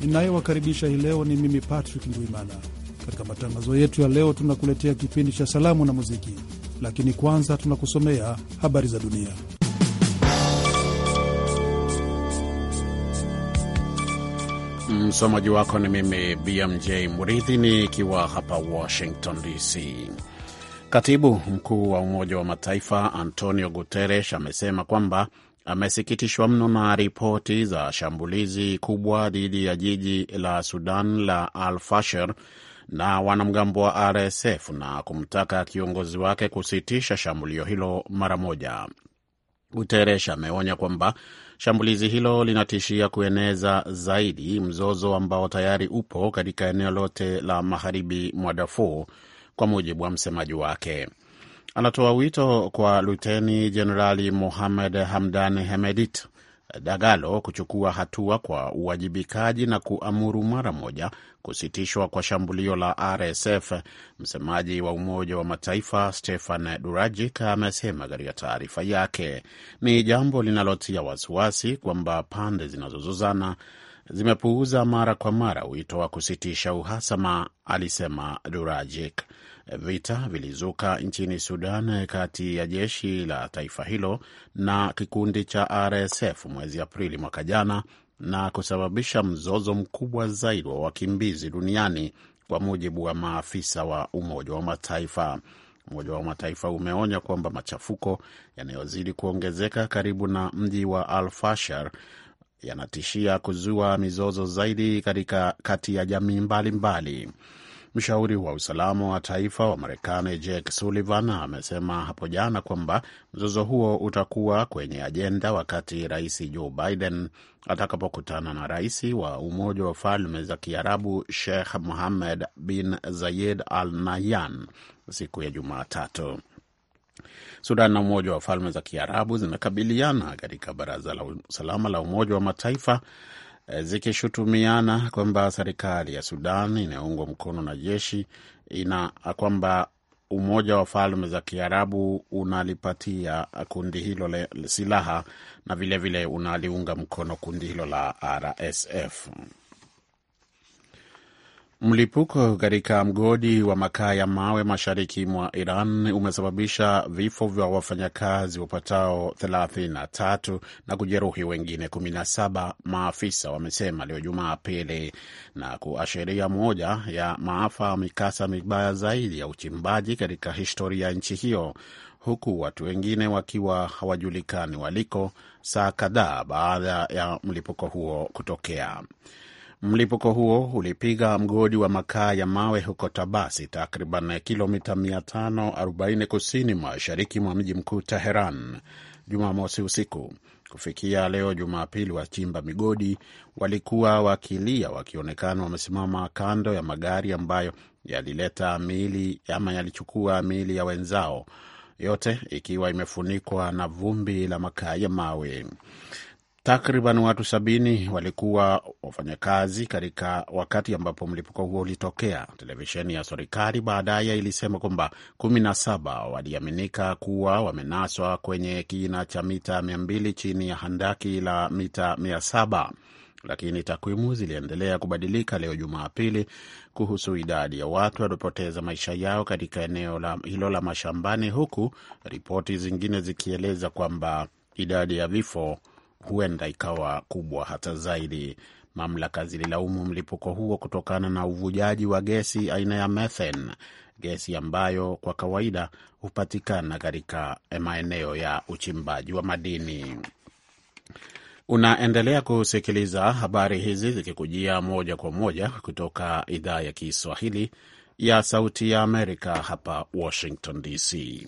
ninayewakaribisha hii leo ni mimi Patrick Ndwimana. Katika matangazo yetu ya leo, tunakuletea kipindi cha salamu na muziki, lakini kwanza tunakusomea habari za dunia. Msomaji wako ni mimi BMJ Murithi nikiwa hapa Washington DC. Katibu mkuu wa Umoja wa Mataifa Antonio Guterres amesema kwamba amesikitishwa mno na ripoti za shambulizi kubwa dhidi ya jiji la Sudan la Al-Fasher na wanamgambo wa RSF na kumtaka kiongozi wake kusitisha shambulio hilo mara moja. Guterres ameonya kwamba shambulizi hilo linatishia kueneza zaidi mzozo ambao tayari upo katika eneo lote la magharibi mwa Darfur, kwa mujibu wa msemaji wake anatoa wito kwa Luteni Jenerali Mohamed Hamdan Hemedit Dagalo kuchukua hatua kwa uwajibikaji na kuamuru mara moja kusitishwa kwa shambulio la RSF. Msemaji wa Umoja wa Mataifa Stefan Durajik amesema katika taarifa yake, ni jambo linalotia wasiwasi kwamba pande zinazozozana zimepuuza mara kwa mara wito wa kusitisha uhasama, alisema Durajik. Vita vilizuka nchini Sudan kati ya jeshi la taifa hilo na kikundi cha RSF mwezi Aprili mwaka jana na kusababisha mzozo mkubwa zaidi wa wakimbizi duniani kwa mujibu wa maafisa wa Umoja wa Mataifa. Umoja wa Mataifa umeonya kwamba machafuko yanayozidi kuongezeka karibu na mji wa Al-Fashar yanatishia kuzua mizozo zaidi katika kati ya jamii mbalimbali mbali. Mshauri wa usalama wa taifa wa Marekani Jake Sullivan amesema hapo jana kwamba mzozo huo utakuwa kwenye ajenda wakati Rais Joe Biden atakapokutana na rais wa Umoja wa Falme za Kiarabu Sheikh Mohammed bin Zayed Al Nahyan siku ya Jumatatu. Sudan na Umoja wa Falme za Kiarabu zimekabiliana katika Baraza la Usalama la Umoja wa Mataifa Eh, zikishutumiana kwamba serikali ya Sudan inayoungwa mkono na jeshi ina kwamba Umoja wa Falme za Kiarabu unalipatia kundi hilo le, silaha na vilevile vile unaliunga mkono kundi hilo la RSF. Mlipuko katika mgodi wa makaa ya mawe mashariki mwa Iran umesababisha vifo vya wafanyakazi wapatao 33 na kujeruhi wengine 17, maafisa wamesema leo Jumapili, na kuashiria moja ya maafa mikasa mibaya zaidi ya uchimbaji katika historia ya nchi hiyo, huku watu wengine wakiwa hawajulikani waliko saa kadhaa baada ya mlipuko huo kutokea. Mlipuko huo ulipiga mgodi wa makaa ya mawe huko Tabasi, takriban kilomita 540 kusini mashariki mwa mji mkuu Teheran, Jumamosi usiku. Kufikia leo Jumapili, wachimba migodi walikuwa wakilia, wakionekana wamesimama kando ya magari ambayo yalileta miili ama yalichukua miili ya wenzao, yote ikiwa imefunikwa na vumbi la makaa ya mawe. Takriban watu sabini walikuwa wafanyakazi katika wakati ambapo mlipuko huo ulitokea. Televisheni ya serikali baadaye ilisema kwamba kumi na saba waliaminika kuwa wamenaswa kwenye kina cha mita mia mbili chini ya handaki la mita mia saba lakini takwimu ziliendelea kubadilika leo Jumapili kuhusu idadi ya watu waliopoteza maisha yao katika eneo la, hilo la mashambani, huku ripoti zingine zikieleza kwamba idadi ya vifo huenda ikawa kubwa hata zaidi. Mamlaka zililaumu mlipuko huo kutokana na uvujaji wa gesi aina ya methane, gesi ambayo kwa kawaida hupatikana katika maeneo ya uchimbaji wa madini. Unaendelea kusikiliza habari hizi zikikujia moja kwa moja kutoka idhaa ya Kiswahili ya Sauti ya Amerika hapa Washington DC.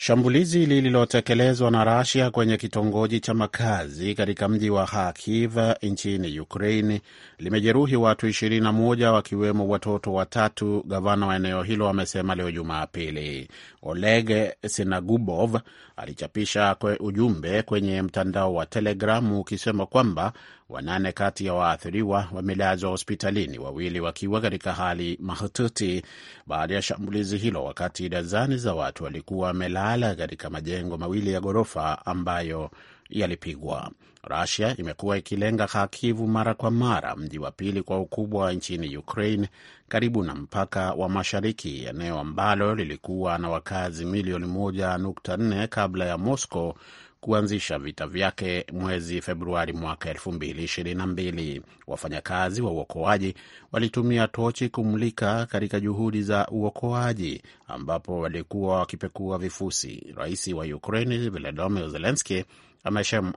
Shambulizi lililotekelezwa na Russia kwenye kitongoji cha makazi katika mji wa Kharkiv nchini Ukraine limejeruhi watu 21 wakiwemo watoto watatu, gavana wa eneo hilo amesema leo Jumapili. Oleg Sinagubov alichapisha kwe ujumbe kwenye mtandao wa Telegramu ukisema kwamba wanane kati ya waathiriwa wamelazwa hospitalini, wawili wakiwa katika hali mahututi baada ya shambulizi hilo, wakati dazani za watu walikuwa wamelala katika majengo mawili ya ghorofa ambayo yalipigwa. Rusia imekuwa ikilenga Kharkiv mara kwa mara, mji wa pili kwa ukubwa nchini Ukraine, karibu na mpaka wa mashariki, eneo ambalo lilikuwa na wakazi milioni 1.4 kabla ya Moscow kuanzisha vita vyake mwezi Februari mwaka 2022. Wafanyakazi wa uokoaji walitumia tochi kumulika katika juhudi za uokoaji, ambapo walikuwa wakipekua vifusi. Rais wa Ukraini Volodymyr Zelenski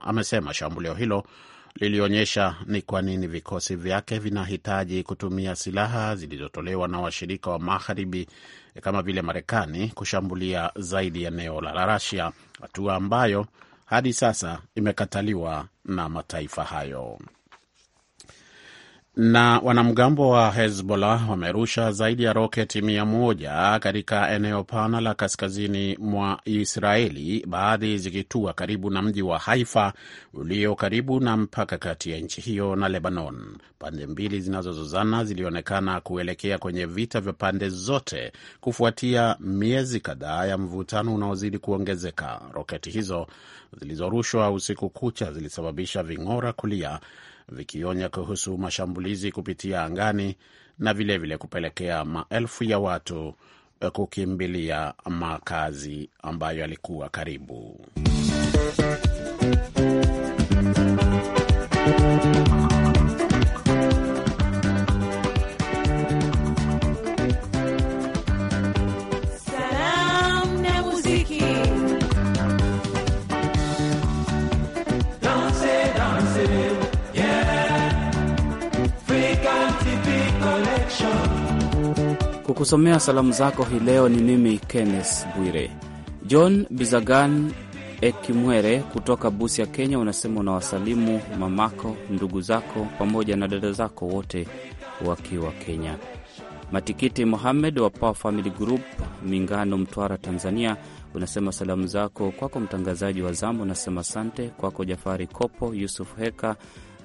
amesema shambulio hilo lilionyesha ni kwa nini vikosi vyake vinahitaji kutumia silaha zilizotolewa na washirika wa magharibi eh, kama vile Marekani kushambulia zaidi eneo la Rasia, hatua ambayo hadi sasa imekataliwa na mataifa hayo. Na wanamgambo wa Hezbollah wamerusha zaidi ya roketi mia moja katika eneo pana la kaskazini mwa Israeli, baadhi zikitua karibu na mji wa Haifa ulio karibu na mpaka kati ya nchi hiyo na Lebanon. Pande mbili zinazozozana zilionekana kuelekea kwenye vita vya pande zote kufuatia miezi kadhaa ya mvutano unaozidi kuongezeka. Roketi hizo zilizorushwa usiku kucha zilisababisha ving'ora kulia vikionya kuhusu mashambulizi kupitia angani na vilevile vile kupelekea maelfu ya watu kukimbilia makazi ambayo yalikuwa karibu Kukusomea salamu zako hii leo ni mimi Kenneth Bwire. John Bizagan Ekimwere kutoka Busia, Kenya, unasema unawasalimu mamako, ndugu zako pamoja na dada zako wote wakiwa Kenya. Matikiti Mohamed wa Power Family Group, Mingano, Mtwara, Tanzania, unasema salamu zako kwako mtangazaji wa zamu, unasema sante kwako Jafari Kopo, Yusuf Heka,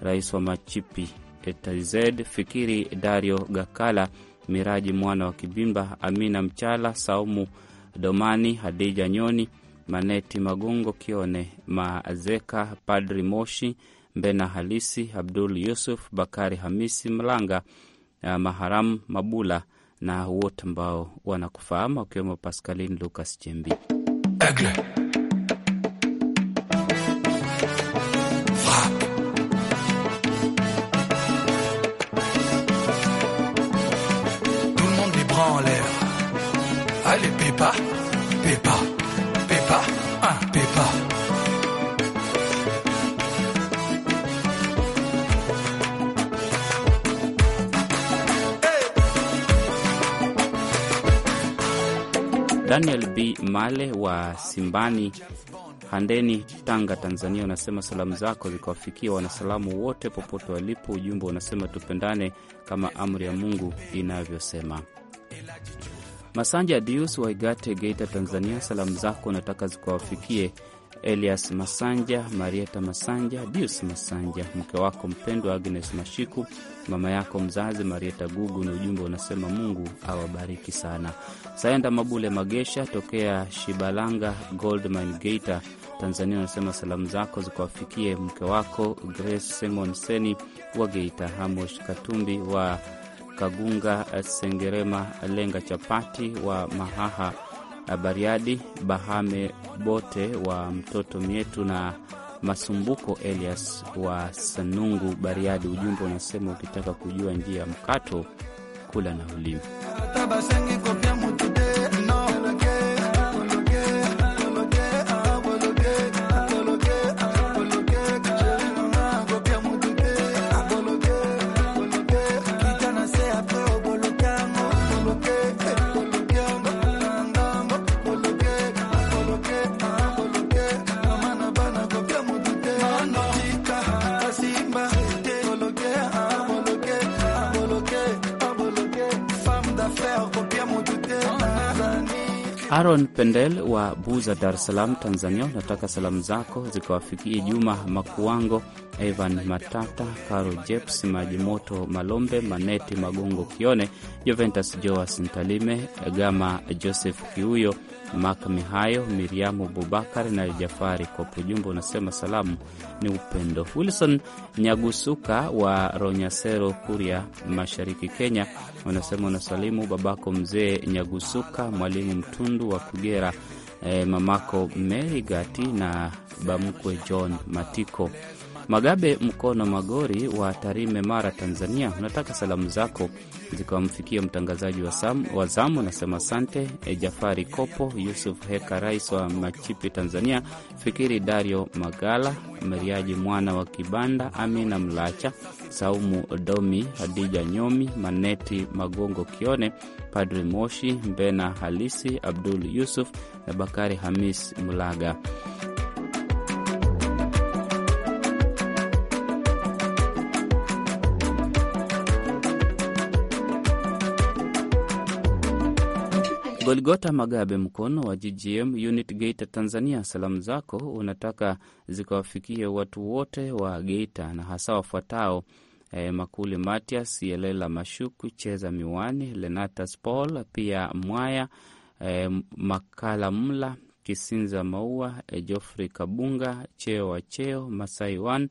rais wa Machipi, Etaz Fikiri, Dario Gakala Miraji mwana wa Kibimba, Amina Mchala, Saumu Domani, Hadija Nyoni, Maneti Magongo, Kione mazeka Padri Moshi, Mbena Halisi, Abdul Yusuf, Bakari Hamisi Mlanga, eh, Maharamu Mabula na wote ambao wanakufahamu wakiwemo Paskalin lukas Chembi Agle. B Male wa Simbani Handeni, Tanga, Tanzania, unasema salamu zako zikawafikia wanasalamu wote popote walipo. Ujumbe unasema tupendane kama amri ya Mungu inavyosema. Masanja Dius Waigate, Geita, Tanzania, salamu zako nataka zikawafikie Elias Masanja, Marieta Masanja, Dius Masanja, mke wako mpendwa Agnes Mashiku, mama yako mzazi Marieta Gugu, na ujumbe unasema Mungu awabariki sana. saenda Mabule Magesha tokea Shibalanga Goldmine Geita, Tanzania, unasema salamu zako zikawafikie mke wako Grace Simon Seni wa Geita, Hamosh Katumbi wa Kagunga, Sengerema Lenga Chapati wa Mahaha Bariadi Bahame Bote wa Mtoto Mietu na Masumbuko Elias wa Sanungu, Bariadi. Ujumbe unasema ukitaka kujua njia ya mkato, kula na ulimi Aaron Pendel wa Buza, Dar es Salaam, Tanzania, unataka salamu zako zikawafikie Juma Makuango, Evan Matata, Caro Jeps, Majimoto Malombe, Maneti Magongo Kione, Juventus Joas Ntalime, Gama Joseph Kiuyo, Mak Mihayo, Miriamu Bubakar na Jafari. Kwa ujumbe unasema salamu ni upendo. Wilson Nyagusuka wa Ronyasero, Kuria Mashariki, Kenya, unasema unasalimu babako mzee Nyagusuka, mwalimu Mtundu wa Kugera, eh, mamako Meri Gati na bamkwe John Matiko Magabe Mkono Magori wa Tarime, Mara, Tanzania, unataka salamu zako zikiwamfikia mtangazaji wa, sam, wa zamu. Nasema sante e, eh, Jafari Kopo, Yusuf Heka, rais wa Machipi, Tanzania, Fikiri Dario Magala, Mariaji Mwana wa Kibanda, Amina Mlacha, Saumu Domi, Hadija Nyomi, Maneti Magongo Kione, Padri Moshi Mbena Halisi, Abdul Yusuf na Bakari Hamis Mlaga. Golgota Magabe, mkono wa GGM unit Geita, Tanzania, salamu zako unataka zikawafikie watu wote wa Geita na hasa wafuatao eh, Makuli Matias, Yelela Mashuku, Cheza Miwani, Lenatas Paul, pia Mwaya eh, Makala Mla, Kisinza Maua, eh, Jofrey Kabunga, Cheo wa Cheo, Masai Wan,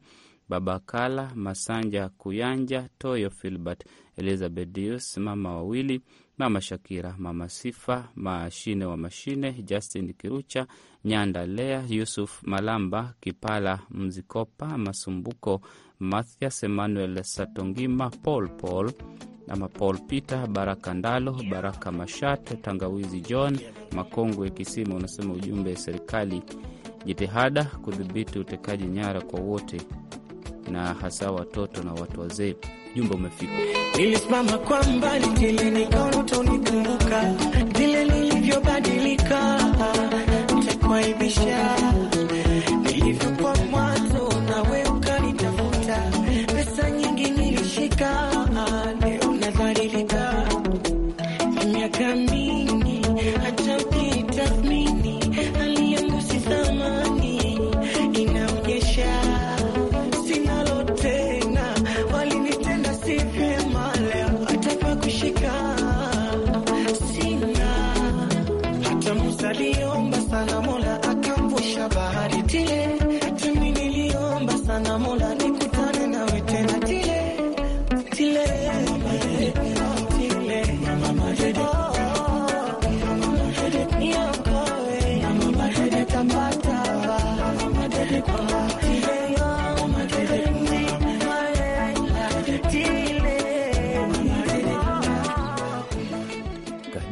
Babakala Masanja, Kuyanja Toyo, Filbert Elizabeth Dius, mama wawili Mama Shakira, Mama Sifa, Mashine wa Mashine, Justin Kirucha, Nyanda Lea, Yusuf Malamba, Kipala Mzikopa, Masumbuko, Mathias Emmanuel Satongima, Paul Paul ama Paul Peter, Baraka Ndalo, Baraka Mashat, Tangawizi John Makongwe Kisima, unasema ujumbe ya serikali jitihada kudhibiti utekaji nyara kwa wote na hasa watoto na watu wazee. Jumbe umefika. Nilisimama kwa mbali kile nikaona utonikumbuka, vile nilivyobadilika nitakuaibisha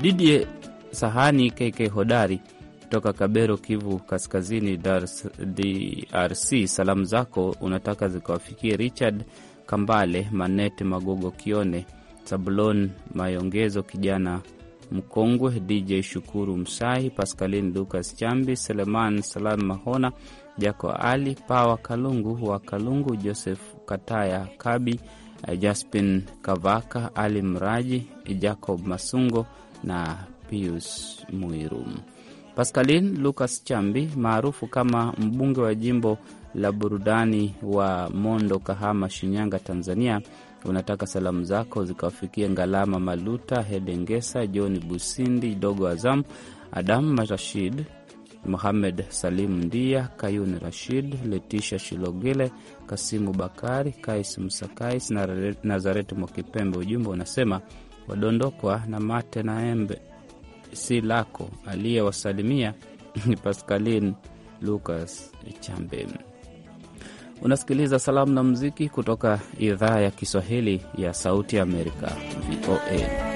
Didie Sahani kk Hodari toka Kabero, Kivu Kaskazini, DRC. Salamu zako unataka zikawafikie Richard Kambale, Manet Magogo, Kione Sabulon Mayongezo, kijana mkongwe DJ Shukuru Msai, pascalin Lukas Chambi, Seleman Salam Mahona, Jako Ali Pawa Kalungu wa Kalungu, Joseph Kataya Kabi, Jaspin Kavaka, Ali Mraji, Jacob Masungo na Pius Muiru. Pascaline Lucas Chambi maarufu kama mbunge wa jimbo la burudani wa Mondo, Kahama, Shinyanga, Tanzania, unataka salamu zako zikawafikia Ngalama Maluta, Hedengesa, John Busindi, Dogo Azam, Adamu Rashid, Muhamed Salim Ndia, Kayuni Rashid, Letisha Shilogile, Kasimu Bakari, Kais Msakais, Nazareti Mwakipembe. Ujumbe unasema wadondokwa na mate na embe, si lako. Aliyewasalimia ni Pascaline Lucas Chambe. Unasikiliza salamu na muziki kutoka idhaa ya Kiswahili ya Sauti Amerika, VOA.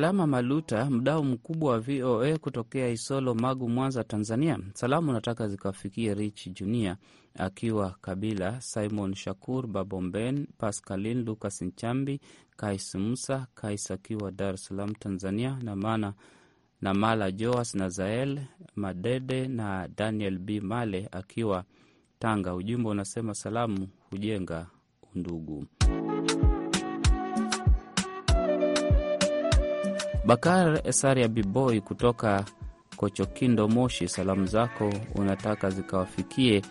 Salama Maluta, mdau mkubwa wa VOA kutokea Isolo, Magu, Mwanza, Tanzania. Salamu nataka zikafikie Rich Junia akiwa Kabila, Simon Shakur Babomben, Pascalin Lukas Nchambi, Kais Musa Kais akiwa Dar es Salaam, Tanzania, na Mana na Mala Joas Nazael Madede na Daniel B Male akiwa Tanga. Ujumbe unasema salamu hujenga undugu. Bakar Esaria Biboi kutoka Kochokindo, Moshi, salamu zako unataka zikawafikie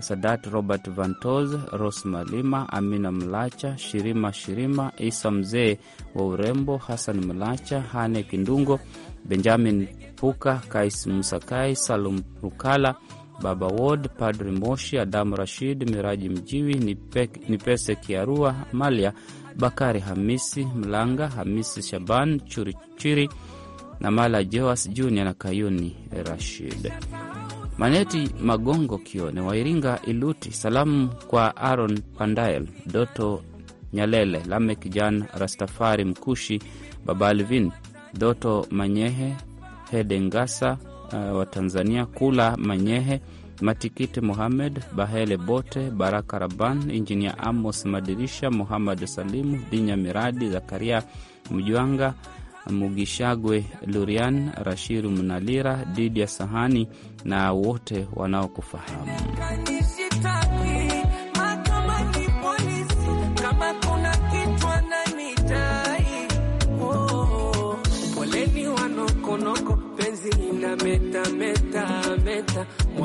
Sadat Robert Vantos, Ros Malima, Amina Mlacha, Shirima Shirima, Isa mzee wa urembo, Hasan Mlacha, Hane Kindungo, Benjamin Puka, Kais Musakai, Salum Rukala, Baba Wod, Padri Moshi, Adamu Rashid, Miraji Mjiwi, Nipese Kiarua, Malia Bakari Hamisi Mlanga, Hamisi Shaban Churichiri na Mala Joas Junior na Kayuni Rashid. Maneti Magongo Kione wa Iringa Iluti, salamu kwa Aaron Pandael, Doto Nyalele, Lamek Jan Rastafari Mkushi, Baba Alvin Doto Manyehe Hede Ngasa uh, wa Tanzania, Kula Manyehe Matikiti Muhamed, Bahele Bote, Baraka Raban, Injinia Amos Madirisha, Muhamad Salimu, Dinya Miradi, Zakaria Mjwanga, Mugishagwe Lurian, rashiru Mnalira, Didia Sahani na wote wanaokufahamu.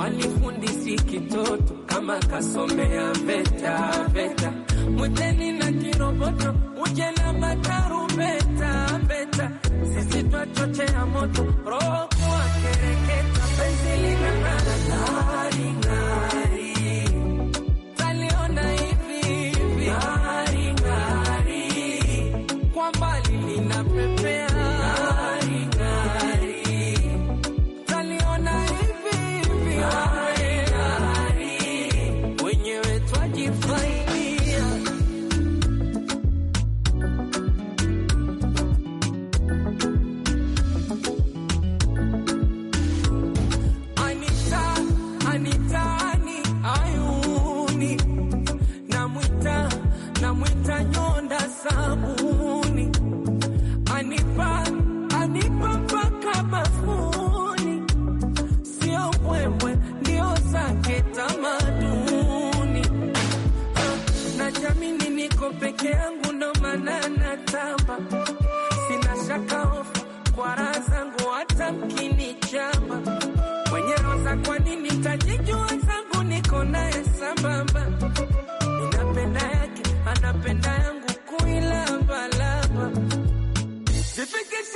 walifundisi kitoto kama kasomea veta veta, mweteni na kiroboto uje na matarumbeta beta sisi twachochea moto roho kuwakereketa penzi linang'ara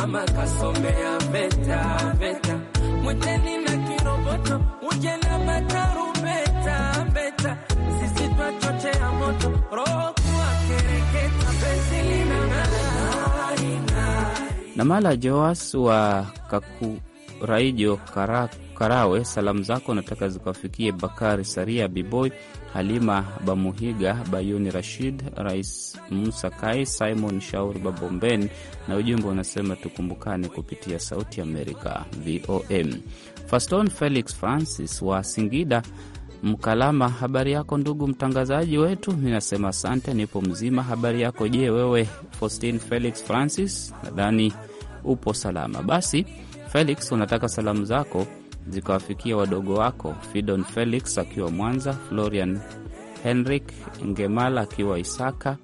kama kasomea veta veta, mwiteni na kiroboto uje na matarubeta beta, sisi twachochea moto roho kuwa kereketa lina na mala Joas wa Kaku Raijo Kara, Karawe, salamu zako nataka zikawafikie Bakari Saria, Biboy Halima Bamuhiga, Bayuni Rashid, Rais Musa Kai, Simon shaur babomben na ujumbe unasema tukumbukane kupitia Sauti Amerika VOM. Faston Felix Francis wa Singida Mkalama, habari yako ndugu mtangazaji wetu? Ninasema asante, nipo mzima. Habari yako je? Wewe Faustin Felix Francis, nadhani upo salama. Basi Felix, unataka salamu zako zikawafikia wadogo wako Fidon Felix akiwa Mwanza, Florian Henrik Ngemala akiwa Isaka,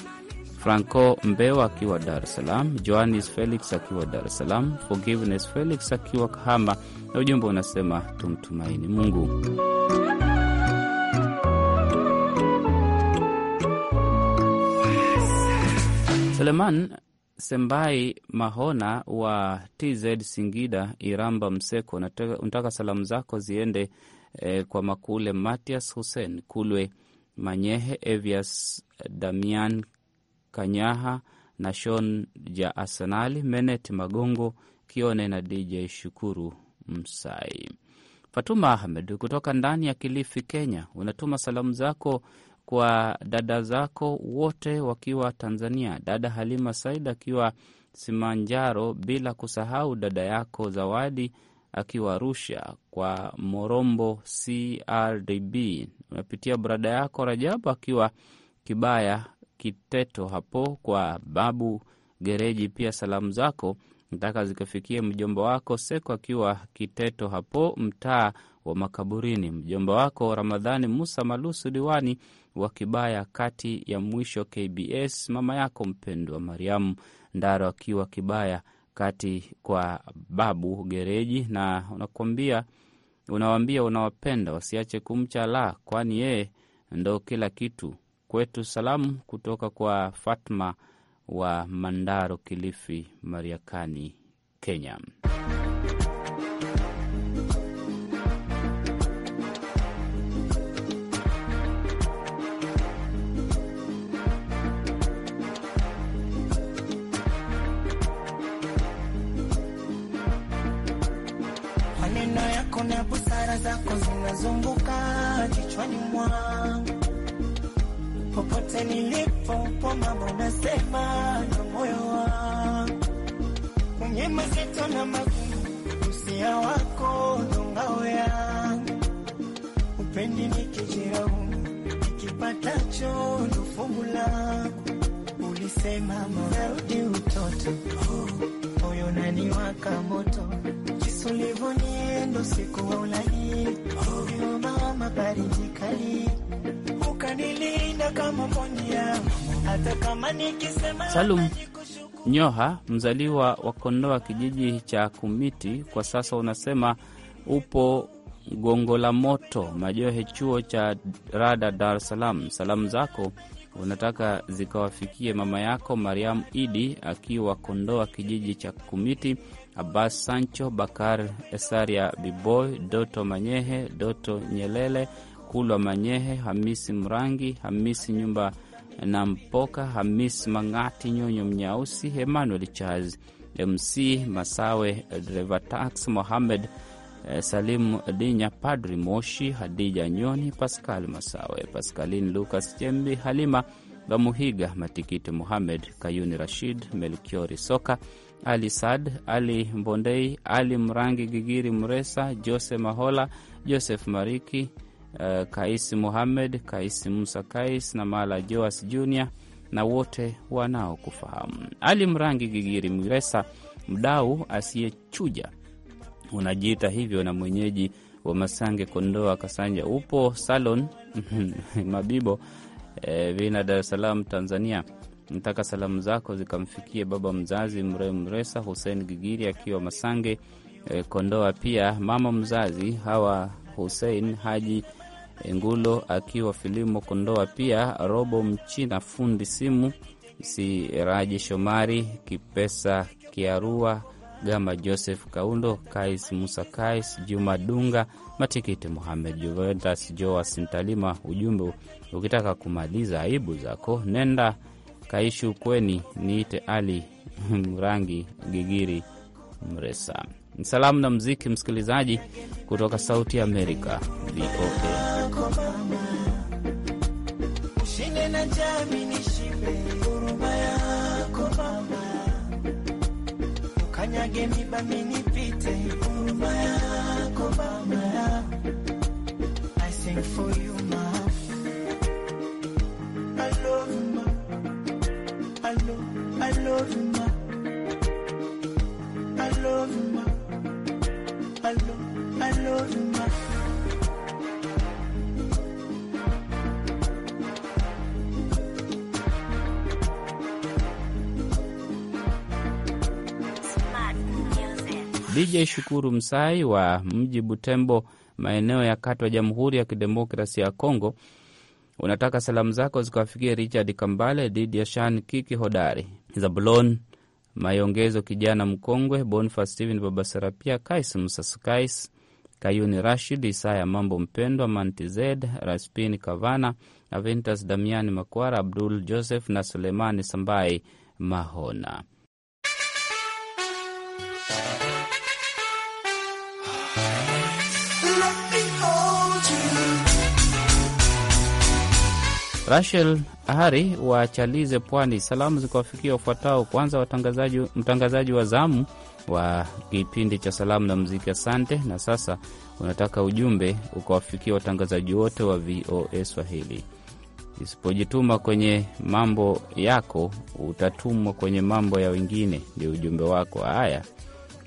Franco mbeo akiwa Dar es Salaam, Johannes Felix akiwa Dar es Salaam, Forgiveness Felix akiwa Kahama, na ujumbe unasema tumtumaini Mungu. Seleman Sembai Mahona wa TZ Singida, Iramba Mseko, unataka salamu zako ziende eh, kwa Makule Matias Hussein Kulwe Manyehe, Evias Damian Kanyaha na Shon ja Arsenali, Menet Magongo Kione na DJ Shukuru Msai. Fatuma Ahmed kutoka ndani ya Kilifi, Kenya, unatuma salamu zako kwa dada zako wote wakiwa Tanzania, dada Halima Said akiwa Simanjaro, bila kusahau dada yako Zawadi akiwa Arusha, kwa Morombo CRDB. Unapitia brada yako Rajabu akiwa Kibaya Kiteto hapo kwa babu gereji. Pia salamu zako nataka zikafikie mjomba wako Seko akiwa Kiteto hapo mtaa wa makaburini, mjomba wako Ramadhani Musa Malusu diwani wa Kibaya kati ya mwisho KBS mama yako mpendwa Mariamu Ndaro akiwa Kibaya kati kwa babu gereji, na unakwambia unawambia unawapenda wasiache kumcha la, kwani yeye ndo kila kitu kwetu. Salamu kutoka kwa Fatma wa Mandaro, Kilifi, Mariakani, Kenya. yanazunguka kichwani mwangu, popote nilipo pomamo nasema na moyo wangu, kwenye mazito na magumu, usia wako ndo ngao yangu, upendi nikijiraumu, nikipatacho ndo fungu langu. Ulisema marudi utoto, oh, moyo oh, naniwaka moto Salum Nyoha, mzaliwa wa Kondoa, kijiji cha Kumiti, kwa sasa unasema upo Gongo la Moto, Majohe, chuo cha rada Dar es Salaam. Salamu zako unataka zikawafikie mama yako Mariamu Idi akiwa Kondoa kijiji cha Kumiti, Abbas Sancho, Bakar Esaria Biboy, Doto Manyehe, Doto Nyelele, Kulwa Manyehe, Hamisi Mrangi, Hamisi Nyumba na Mpoka, Hamis Mang'ati, Nyonyo Mnyausi, Emmanuel Charles, MC Masawe, Drevatax, Mohamed eh, salimu Dinya, Padri Moshi, Hadija Nyoni, Pascal Masawe, Pascalin Lucas chembi Halima Bamuhiga, Matikiti Muhamed Kayuni, Rashid Melkiori Soka ali Sad, Ali Mbondei, Ali Mrangi, Gigiri Mresa, Jose Mahola, Joseph Mariki, uh, Kais Muhammed, Kais Musa Kais na Mala Joas Junior na wote wanaokufahamu. Ali Mrangi, Gigiri Mresa, mdau asiyechuja, unajiita hivyo na mwenyeji wa Masange, Kondoa, Kasanja, upo salon Mabibo, eh, vina Dar es Salaam, Tanzania. Nataka salamu zako zikamfikie baba mzazi Mre Mresa Hussein Gigiri akiwa Masange e, Kondoa, pia mama mzazi Hawa Hussein Haji Ngulo akiwa Filimo Kondoa, pia Robo Mchina fundi simu Siraji Shomari Kipesa Kiarua Gama Joseph Kaundo Kais Musa Kais Juma Dunga Matikiti Muhamed Juventus Joas Ntalima. Ujumbe ukitaka kumaliza aibu zako nenda Kaishi ukweni, niite Ali Mrangi Gigiri Mresa. Salamu na mziki, msikilizaji kutoka Sauti ya Amerika, VOA. DJ Shukuru Msai wa mji Butembo, maeneo ya Katwa, Jamhuri ya Kidemokrasia ya Kongo, unataka salamu zako zikawafikia Richard Kambale, ya Shan Kiki Hodari, Zabulon Mayongezo, kijana mkongwe Boniface Steven, Babasara, pia Kais Msasakais, Kayuni Rashid, Isaya Mambo, Mpendwa Mantized, Raspin Kavana, Aventas Damiani Makwara, Abdul Joseph na Sulemani Sambai Mahona. Rachel Ahari wa Chalize, Pwani. Salamu zikawafikia wafuatao. Kwanza watangazaji, mtangazaji wa zamu wa kipindi cha salamu na mziki asante. Na sasa unataka ujumbe ukawafikia watangazaji wote wa VOA Swahili. isipojituma kwenye mambo yako utatumwa kwenye mambo ya wengine, ndio ujumbe wako. Haya,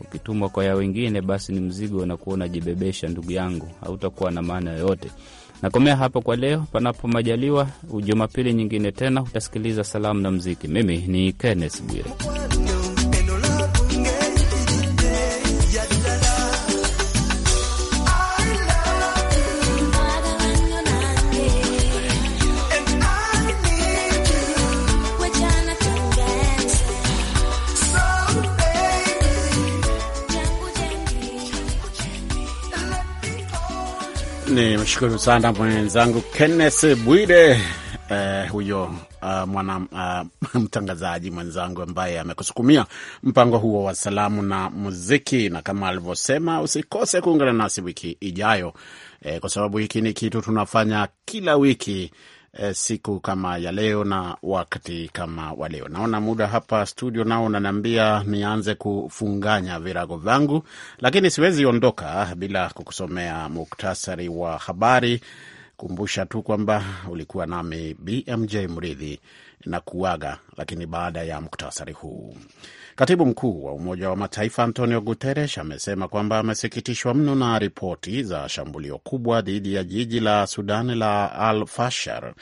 ukitumwa kwa ya wengine, basi ni mzigo unakuwa unajibebesha, ndugu yangu, hautakuwa na maana yoyote. Nakomea hapo kwa leo, panapo majaliwa. Jumapili nyingine tena utasikiliza salamu na mziki. Mimi ni Kenneth Bwire. ni mshukuru sana mwenzangu Kenneth Bwire. Eh, huyo uh, mwana uh, mtangazaji mwenzangu ambaye amekusukumia mpango huo wa salamu na muziki, na kama alivyosema, usikose kuungana nasi wiki ijayo eh, kwa sababu hiki ni kitu tunafanya kila wiki Eh, siku kama ya leo na wakati kama wa leo. Naona muda hapa studio nao unaniambia nianze kufunganya virago vyangu, lakini siwezi ondoka bila kukusomea muktasari wa habari. Kumbusha tu kwamba ulikuwa nami BMJ Mridhi na kuaga, lakini baada ya muktasari huu. Katibu mkuu wa Umoja wa Mataifa Antonio Guterres amesema kwamba amesikitishwa mno na ripoti za shambulio kubwa dhidi ya jiji la Sudan la Al Fashar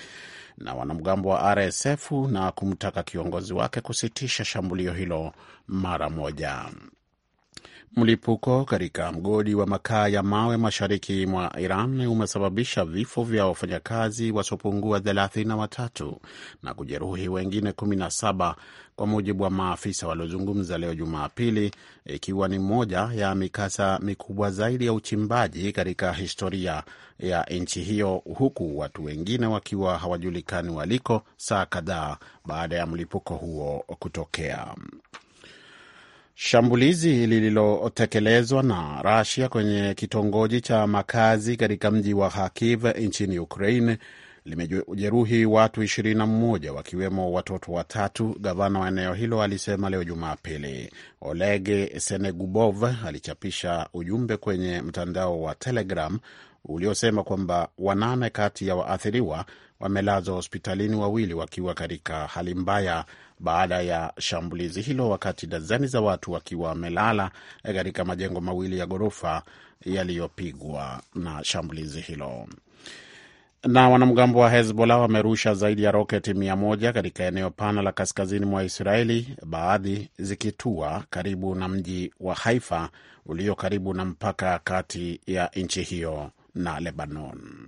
na wanamgambo wa RSF na kumtaka kiongozi wake kusitisha shambulio hilo mara moja. Mlipuko katika mgodi wa makaa ya mawe mashariki mwa Iran umesababisha vifo vya wafanyakazi wasiopungua 33 na kujeruhi wengine 17 kwa mujibu wa maafisa waliozungumza leo Jumapili, ikiwa ni moja ya mikasa mikubwa zaidi ya uchimbaji katika historia ya nchi hiyo, huku watu wengine wakiwa hawajulikani waliko saa kadhaa baada ya mlipuko huo kutokea. Shambulizi lililotekelezwa na rasia kwenye kitongoji cha makazi katika mji wa Kharkiv nchini Ukraine limejeruhi watu 21 wakiwemo watoto watatu, gavana wa eneo hilo alisema leo Jumapili. Oleg Senegubov alichapisha ujumbe kwenye mtandao wa Telegram uliosema kwamba wanane kati ya waathiriwa wamelazwa hospitalini, wawili wakiwa katika hali mbaya baada ya shambulizi hilo, wakati dazeni za watu wakiwa wamelala katika majengo mawili ya ghorofa yaliyopigwa na shambulizi hilo. Na wanamgambo wa Hezbollah wamerusha zaidi ya roketi mia moja katika eneo pana la kaskazini mwa Israeli, baadhi zikitua karibu na mji wa Haifa ulio karibu na mpaka kati ya nchi hiyo na Lebanon.